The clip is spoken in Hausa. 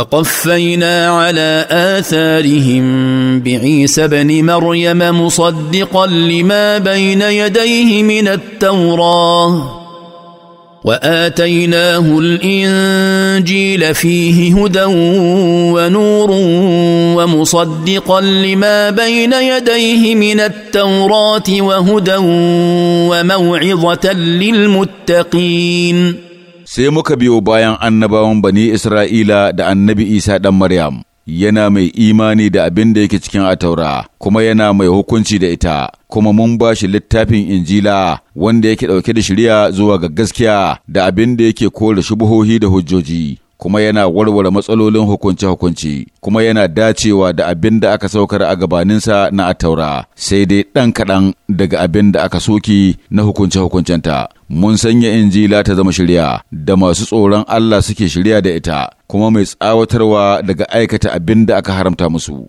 وقفينا على آثارهم بعيسى بن مريم مصدقا لما بين يديه من التوراة وآتيناه الإنجيل فيه هدى ونور ومصدقا لما بين يديه من التوراة وهدى وموعظة للمتقين sai muka biyo bayan annabawan bani Isra'ila da annabi Isa ɗan Maryam, yana mai imani da abin da yake cikin ataura, kuma yana mai hukunci da ita, kuma mun ba shi littafin Injila wanda yake ɗauke da shirya zuwa ga gaskiya da abin da yake kore shubuhohi da hujjoji. kuma yana warware matsalolin hukunce-hukunci, kuma yana dacewa da abin da aka saukar a gabaninsa na ataura, sai dai ɗan kaɗan daga abin da aka soki na hukunce-hukuncenta. mun sanya injila ta zama shirya da masu tsoron Allah suke shirya da ita kuma mai tsawatarwa daga aikata abin da aka haramta musu